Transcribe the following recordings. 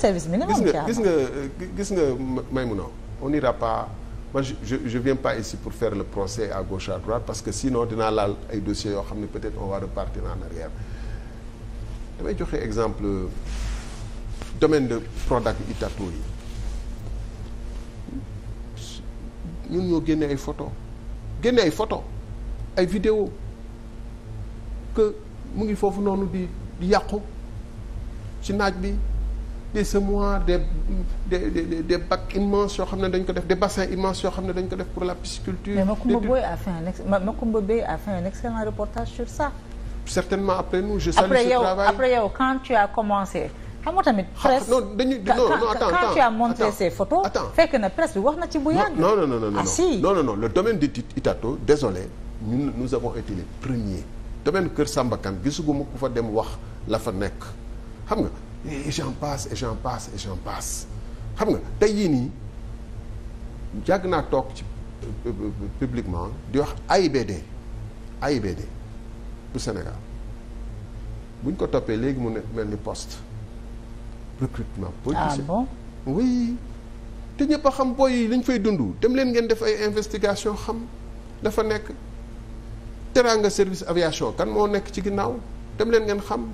service minimum. gis nga gis nga gis nga Maïmouna on n'ira pas moi je je viens pas ici pour faire le procès à gauche à droite parce que sinon dinaa laal ay dossiers yoo xam ne peut-être on va repartir en arrière damay joxe exemple euh, domaine de Prodac Itato yi. ñun ñoo génne ay photo génne ay photo ay vidéo que mu ngi foofu noonu di di yàqu ci naaj bi des semoirs des des des des bacs immenses yoo xam ne dañ ko def des bassins immenses yoo xam ne dañ ko def pour la pisciculture. mais Macoumba Boye a fait un a fait un excellent reportage sur ça. certainement après nous je salue ce travail après yow quand tu as commencé. xam nga tamit ah, presse non dañuy non non attends quand tu as montré ces fekk na presse bi wax na ci bu yàgg. non non non non ah, domaine de Itato désolé nous avons été les premiers domaine Kër Samba Kane gisuguma ku fa dem wax la fa nekk xam nga. et j'en passe et j'en passe et xam nga tey yii nii jàgg naa toog ci euh, euh, euh, publiquement di wax AIBD AIBD bu Sénégal bu ñu ko toppee léegi mu ne mel ni post recrutement politicien ah bon oui te ñëpp a xam booy yi fay dund dem leen ngeen def ay investigation xam dafa nekk teraanga service aviation kan moo nekk ci ginnaaw dem leen ngeen xam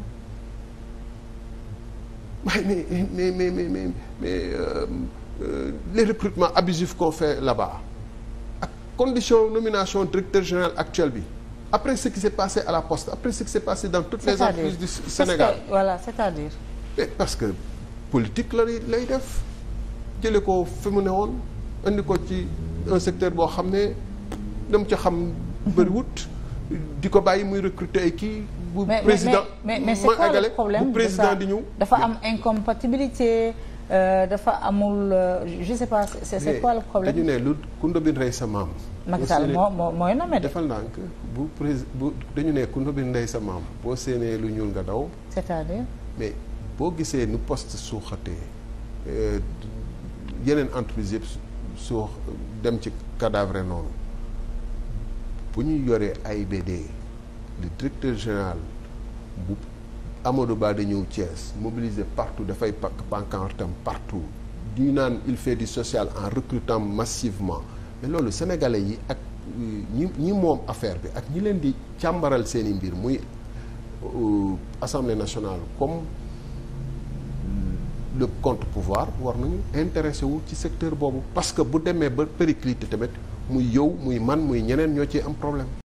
waaye mais mais mais mais mais, mais euh, euh, les recrutements abusifs qu'on fait là ak condition nomination directeur général actuel bi après ce qui s'est passé à la poste après ce qui s'est passé dans toutes les entreprises du Sénégal parce que, voilà cest dire parce que politique la lay def jële ko fi mu ne woon indi ko ci un secteur boo xam ne dam ci xam bëriwut li ko bàyyi muy recruter ay kii. bu président mais mais mais c'est quoi le problème de ça dafa am incompatibilité euh, dafa amul euh, je sais pas c'est c'est quoi le problème. dañu ne lu ku ndobin rey sa maam. Macky Sall moo moo mooy nommé defal ndànk bu prés bu dañu ne ku ndobin rey sa maam boo séenee lu ñuul nga daw. c'est-à-dire. mais boo gisee nu post suuxatee euh, yeneen entreprise yëpp suux dem ci cadavre noonu. bu ñu yoree AIBD le directeur général bu Amadou Ba ñëw Thiès mobiliser partout dafay pakk pancartam partout ñu naan il fait du social en recrutant massivement mais loolu sénégalais yi ak euh, ñi ñi moom affaire bi ak ñi leen di càmbaral seeni mbir muy euh, assemblée nationale comme le contre-pouvoir war nañu intéressé wu ci secteur boobu parce que bu demee ba périclite tamit muy yow muy man muy ñeneen ñoo ciy am problème